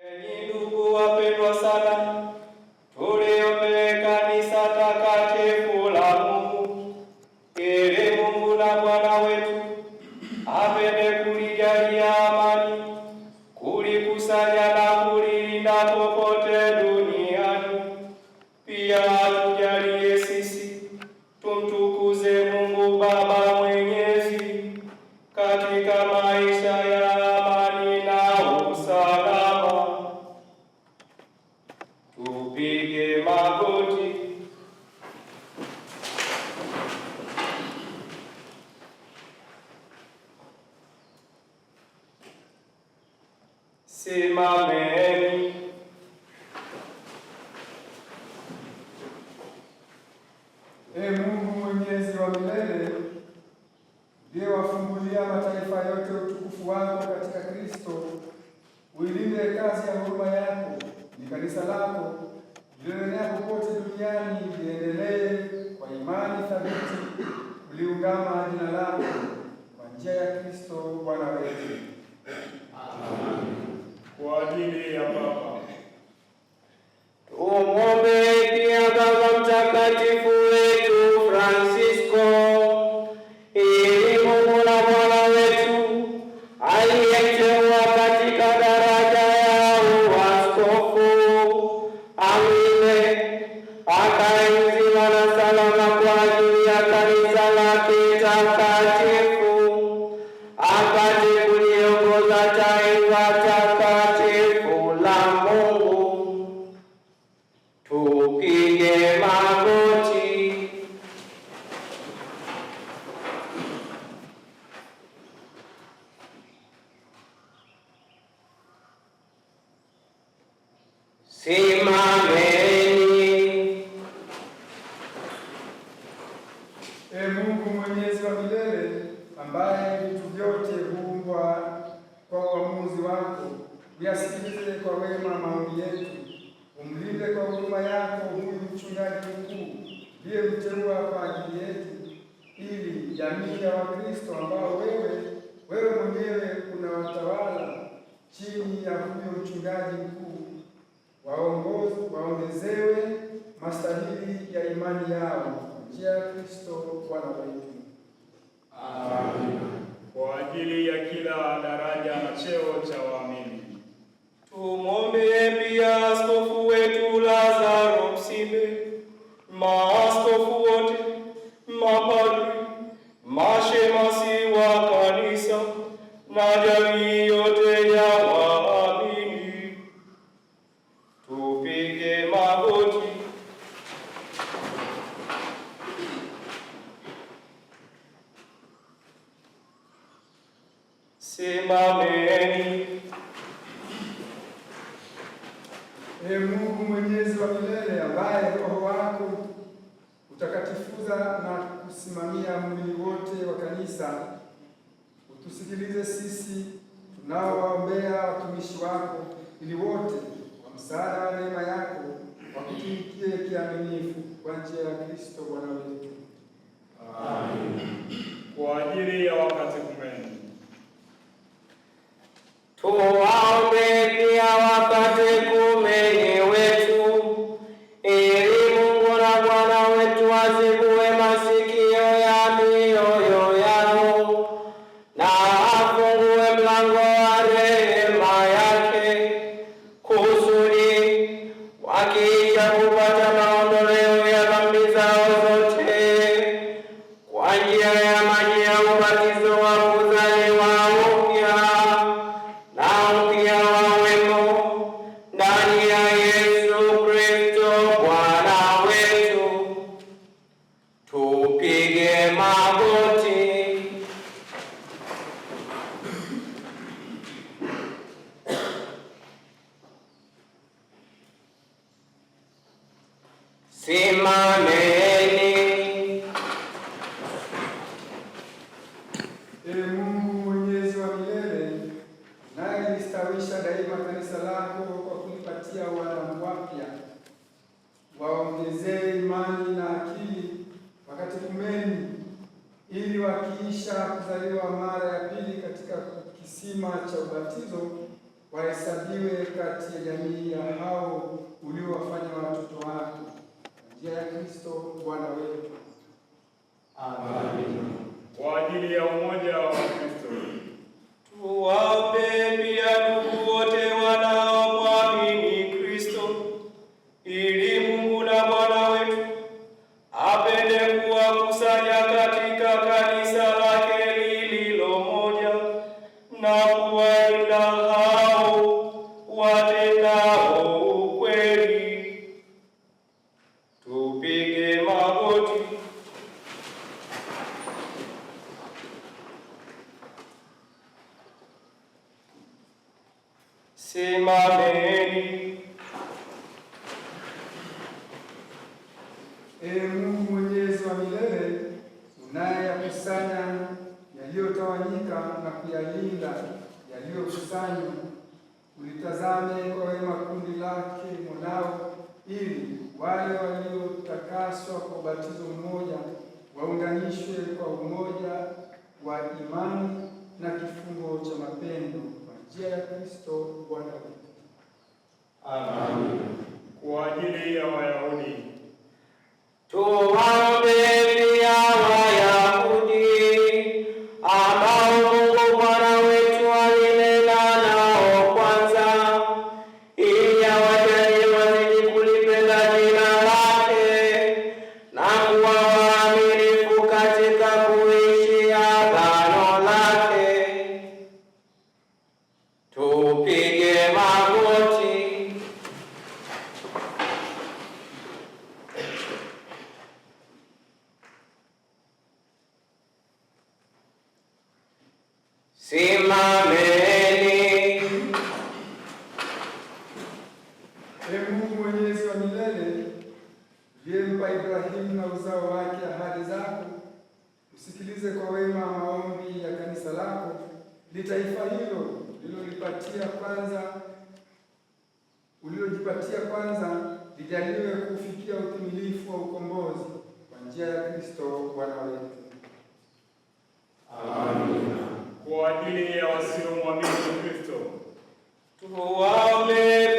Nyiduku sifa yote utukufu wako katika Kristo. Uilinde kazi ya huruma yako ni kanisa lako lililoenea popote duniani, liendelee kwa imani thabiti kuliungama jina lako Wakainzima salama kwa ajili ya kanisa lake takatifu, apate kuliongoza taifa takatifu la Mungu. Tupige magoti. Sema jamii ya Wakristo ambao wewe wewe mwenyewe unawatawala chini ya huyo mchungaji mkuu, waongozi waongezewe mastahili ya imani yao njia ya Kristo Bwana wetu. Amen. Kwa ajili ya kila daraja na cheo cha waamini tumwombee pia askofu wetu Lazaro Msibe maa Simameni. e Mungu mwenyezi wa milele, ambaye Roho wako utakatifuza na kusimamia mwili wote wa kanisa, utusikilize sisi tunaowaombea watumishi wako, ili wote kwa msaada wa neema yako wakutumikie kiaminifu kwa njia ya Kristo Bwana wetu. Amen. Kwa ajili ya To all men. magoti. Simameni. Ee Mungu Mwenyezi wa milele, naye listawisha daima kanisa lako kwa kulipatia walamu wapya, waongezee imani ili wakiisha kuzaliwa mara ya pili katika kisima cha ubatizo wahesabiwe kati ya jamii ya hao uliowafanya watoto wake, njia ya Kristo Bwana wetu. Amen. Kwa ajili ya umoja wa Kristo ni taifa hilo lilolipatia kwanza uliojipatia kwanza lijaliwe kufikia utimilifu wa ukombozi kwa njia ya Kristo Bwana wetu. Amina. Kwa ajili ya wasiomwamini Kristo tuwaombe.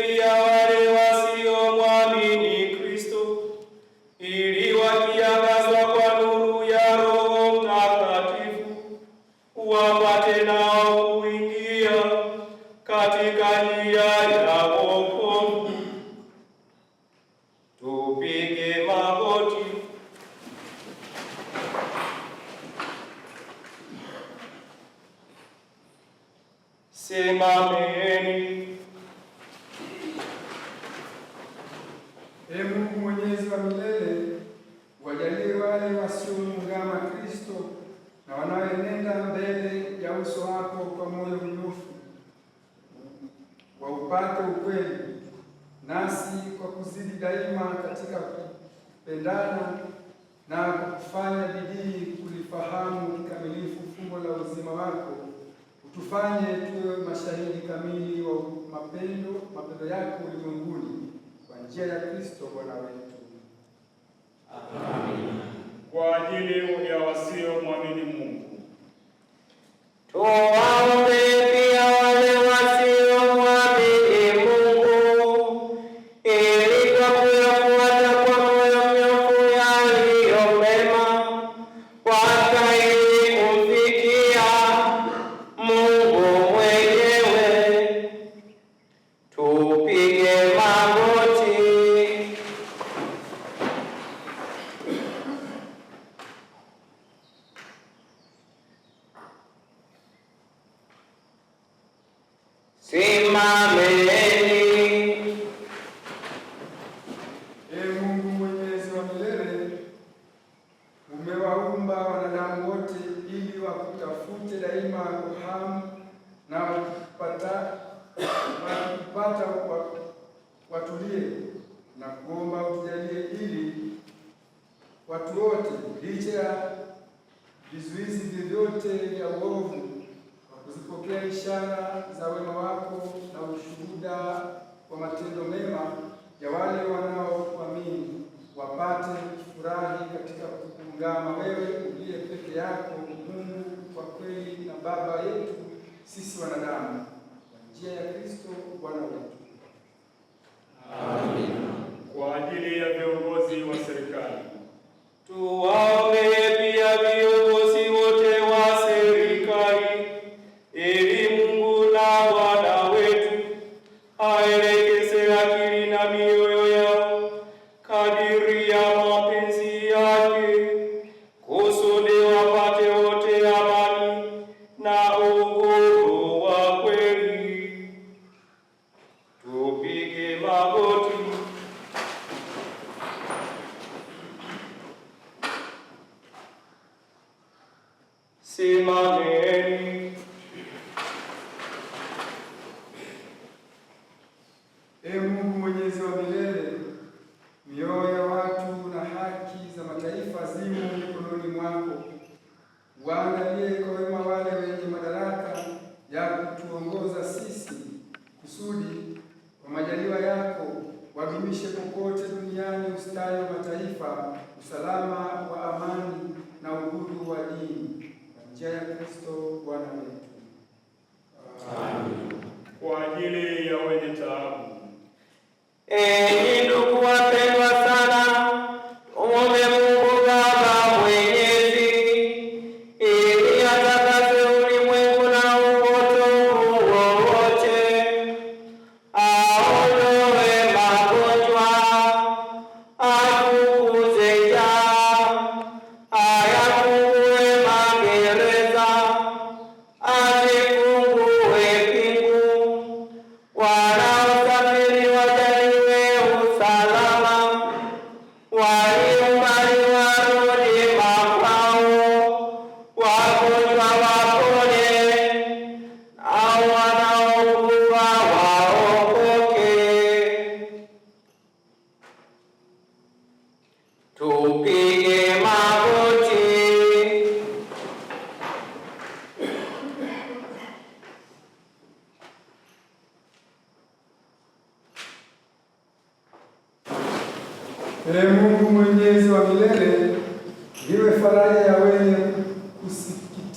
kulifahamu kikamilifu fumbo la uzima wako, utufanye tuwe mashahidi kamili wa mapendo mapendo yako ulimwenguni kwa njia ya Kristo Bwana wetu. Amen. Kwa ajili ya wasio mwamini Mungu tuombe. Simameni. Ee Mungu mwenyezi wa milele, umewaumba wanadamu wote ili wakutafute daima kwa hamu na wakupata watulie na kuomba utujalie, ili watu wote licha ya vizuizi vyovyote vya uovu kuzipokea ishara za wema wako na ushuhuda wa matendo mema ya wale wanaokuamini, wapate kufurahi katika kuungama wewe uliye peke yako Mungu kwa kweli na Baba yetu sisi wanadamu, kwa njia ya Kristo Bwana.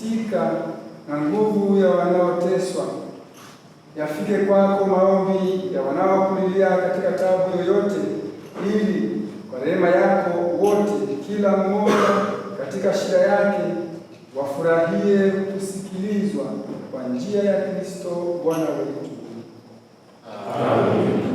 tika na nguvu ya wanaoteswa, yafike kwako maombi ya wanaokulilia katika tabu yoyote, ili kwa rehema yako wote, kila mmoja katika shida yake, wafurahie kusikilizwa kwa njia ya Kristo Bwana wetu. Amen.